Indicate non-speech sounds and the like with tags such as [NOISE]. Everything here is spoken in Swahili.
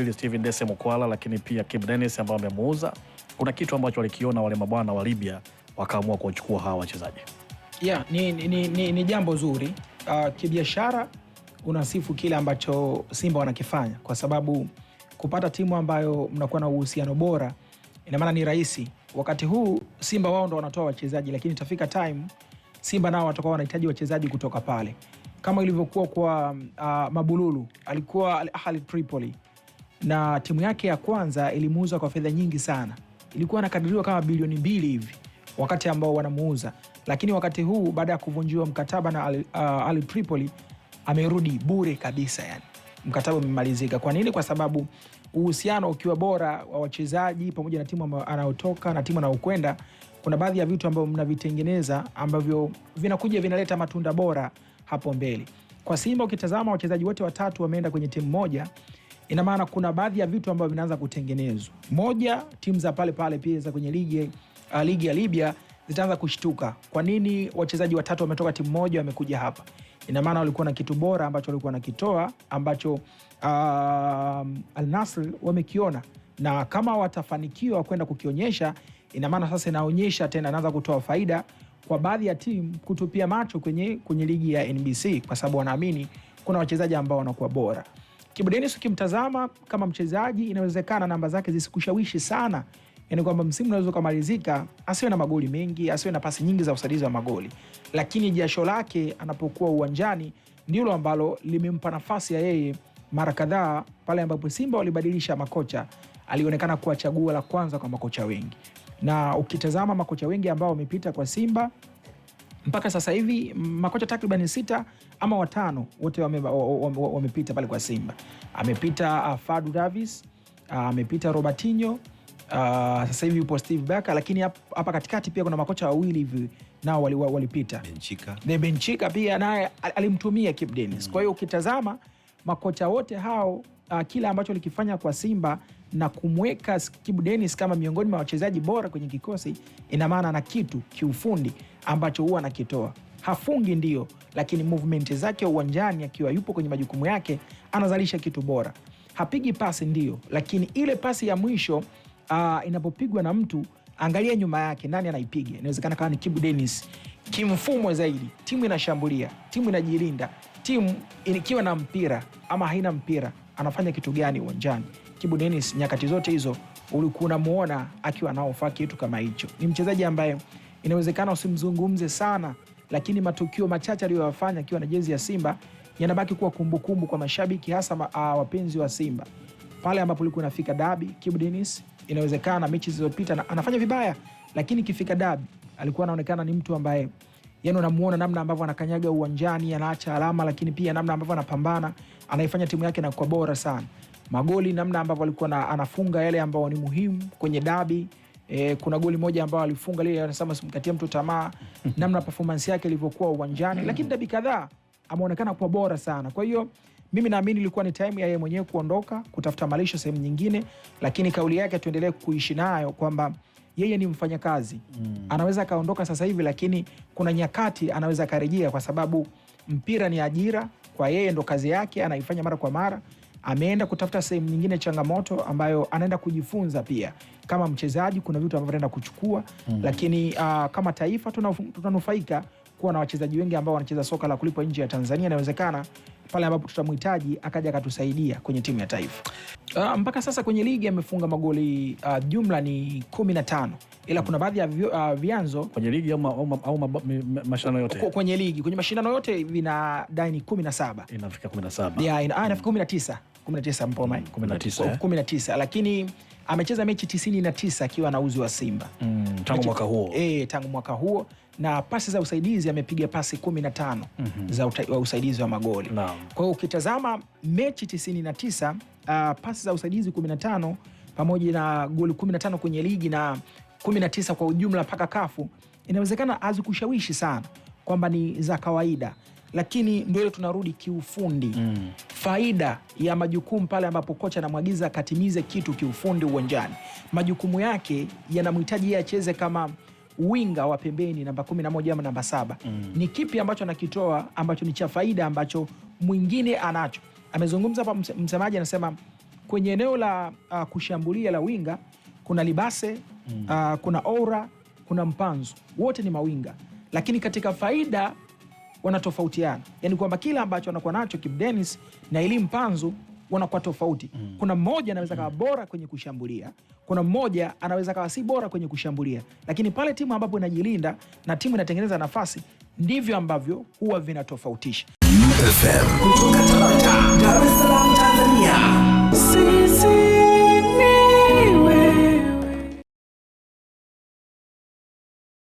Vile Steven Dese Mukwala lakini pia Kim Dennis ambao wamemuuza, kuna kitu ambacho walikiona wale mabwana wa Libya wakaamua kuwachukua hawa wachezaji. Yeah, ni, ni, ni, ni jambo zuri uh, kibiashara unasifu kile ambacho Simba wanakifanya kwa sababu kupata timu ambayo mnakuwa na uhusiano bora ina maana ni rahisi. Wakati huu Simba wao ndo wanatoa wachezaji, lakini itafika time Simba nao watakuwa wanahitaji wachezaji kutoka pale, kama ilivyokuwa kwa uh, Mabululu alikuwa ah, Al Ahli Tripoli na timu yake ya kwanza ilimuuza kwa fedha nyingi sana, ilikuwa inakadiriwa kama bilioni mbili hivi wakati ambao wanamuuza, lakini wakati huu baada ya kuvunjiwa mkataba na Ali, uh, Tripoli amerudi bure kabisa, yani mkataba umemalizika. Kwa nini? Kwa sababu uhusiano ukiwa bora wa wachezaji pamoja na timu anayotoka na timu anayokwenda, kuna baadhi ya vitu ambavyo mnavitengeneza ambavyo vinakuja vinaleta matunda bora hapo mbele. Kwa Simba ukitazama wachezaji wote watatu wameenda kwenye timu moja ina maana kuna baadhi ya vitu ambavyo vinaanza kutengenezwa. Moja, timu za pale pale pia za kwenye ligi, uh, ligi ya Libya zitaanza kushtuka, kwa nini wachezaji watatu wametoka timu moja wamekuja hapa? Ina maana walikuwa na kitu bora ambacho walikuwa nakitoa ambacho uh, Al Nassr wamekiona, na kama watafanikiwa kwenda kukionyesha, ina maana sasa inaonyesha tena, anaanza kutoa faida kwa baadhi ya timu kutupia macho kwenye, kwenye ligi ya NBC kwa sababu wanaamini kuna wachezaji ambao wanakuwa bora. Denis ukimtazama kama mchezaji, inawezekana namba zake zisikushawishi sana, yani kwamba msimu unaweza ukamalizika asiwe na magoli mengi, asiwe na pasi nyingi za usaidizi wa magoli, lakini jasho lake anapokuwa uwanjani ndilo ambalo limempa nafasi ya yeye mara kadhaa pale ambapo Simba walibadilisha makocha, alionekana kuwa chaguo la kwanza kwa makocha wengi, na ukitazama makocha wengi ambao wamepita kwa Simba mpaka sasa hivi makocha takriban sita ama watano wote wamepita pale kwa Simba. Amepita uh, Fadu Davis, uh, amepita Robertinho, uh, sasa hivi yupo Steve Barker, lakini hapa katikati pia kuna makocha wawili hivi nao walipita wali Benchika. Ne Benchika pia naye alimtumia Kip Dennis. Mm. Kwa hiyo mm. ukitazama makocha wote hao, uh, kila ambacho alikifanya kwa Simba na kumweka Kibu Dennis kama miongoni mwa wachezaji bora kwenye kikosi, ina maana na kitu kiufundi ambacho huwa anakitoa. Hafungi ndio, lakini movement zake uwanjani akiwa yupo kwenye majukumu yake anazalisha kitu bora. Hapigi pasi ndio, lakini ile pasi ya mwisho uh, inapopigwa na mtu angalia nyuma yake, nani anaipiga? Inawezekana kawa ni Kibu Dennis. Kimfumo zaidi, timu inashambulia, timu inajilinda, timu ikiwa na mpira ama haina mpira, anafanya kitu gani uwanjani? Kibu Denis nyakati zote hizo ulikuwa unamuona akiwa anaofaa kitu kama hicho. Ni mchezaji ambaye inawezekana usimzungumze sana, lakini matukio machache aliyoyafanya akiwa na jezi ya Simba yanabaki kuwa kumbukumbu kumbu kwa mashabiki hasa ma, a, ah, wapenzi wa Simba. Pale ambapo ulikuwa unafika dabi, Kibu Denis inawezekana mechi zilizopita anafanya vibaya, lakini kifika dabi alikuwa anaonekana ni mtu ambaye yani unamuona namna ambavyo anakanyaga uwanjani, anaacha alama, lakini pia namna ambavyo anapambana, anaifanya timu yake na kwa bora sana magoli namna ambavyo alikuwa na, anafunga yale ambayo ni muhimu kwenye dabi e, kuna goli moja ambayo alifunga lile anasema simkatia mtu tamaa [LAUGHS] namna performance yake ilivyokuwa uwanjani lakini dabi kadhaa ameonekana kuwa bora sana kwa hiyo mimi naamini ilikuwa ni time ya yeye mwenyewe kuondoka kutafuta malisho sehemu nyingine, lakini kauli yake tuendelee kuishi nayo kwamba yeye ni mfanyakazi mm. Anaweza akaondoka sasa hivi, lakini kuna nyakati anaweza akarejea, kwa sababu mpira ni ajira kwa yeye, ndo kazi yake anaifanya mara kwa mara ameenda kutafuta sehemu nyingine changamoto ambayo anaenda kujifunza pia. Kama mchezaji kuna vitu ambavyo anaenda kuchukua mm. Lakini uh, kama taifa tunanufaika kuwa na wachezaji wengi ambao wanacheza soka la kulipwa nje ya Tanzania. Inawezekana pale ambapo tutamhitaji akaja akatusaidia kwenye timu ya taifa. Uh, mpaka sasa kwenye ligi amefunga magoli uh, jumla ni 15 ila hmm. kuna baadhi ya uh, vyanzo kwenye ligi au, au, au mashindano yote kwenye ligi kwenye mashindano yote vina dai ni 17 inafika 17 yeah, inafika ah, inafika 19 mm. 19 mpoma 19 mm, 19 eh? lakini amecheza mechi 99 akiwa na uzi wa Simba hmm. tangu mwaka huo eh, tangu mwaka huo na pasi za usaidizi amepiga pasi 15 mm -hmm. za uta, wa usaidizi wa magoli no. Kwa hiyo ukitazama mechi 99 uh, ah, pasi za usaidizi 15 pamoja na goli 15 kwenye ligi na 19 kwa ujumla mpaka kafu, inawezekana hazikushawishi sana kwamba ni za kawaida, lakini ndio ile tunarudi kiufundi mm. faida ya majukumu pale ambapo kocha anamwagiza akatimize kitu kiufundi uwanjani, majukumu yake yanamhitaji yeye acheze kama winga wa pembeni namba 11 ama namba saba mm. ni kipi ambacho anakitoa ambacho ni cha faida ambacho mwingine anacho? Amezungumza hapa msemaji, anasema kwenye eneo la uh, kushambulia la winga kuna Libase mm. uh, kuna Oura, kuna Mpanzu, wote ni mawinga, lakini katika faida wanatofautiana, yani kwamba kile ambacho anakuwa nacho Kibu Denis na ili Mpanzu wanakuwa tofauti mm. Kuna mmoja anaweza mm. kawa bora kwenye kushambulia, kuna mmoja anaweza kawa si bora kwenye kushambulia, lakini pale timu ambapo inajilinda na timu inatengeneza nafasi, ndivyo ambavyo huwa vinatofautisha.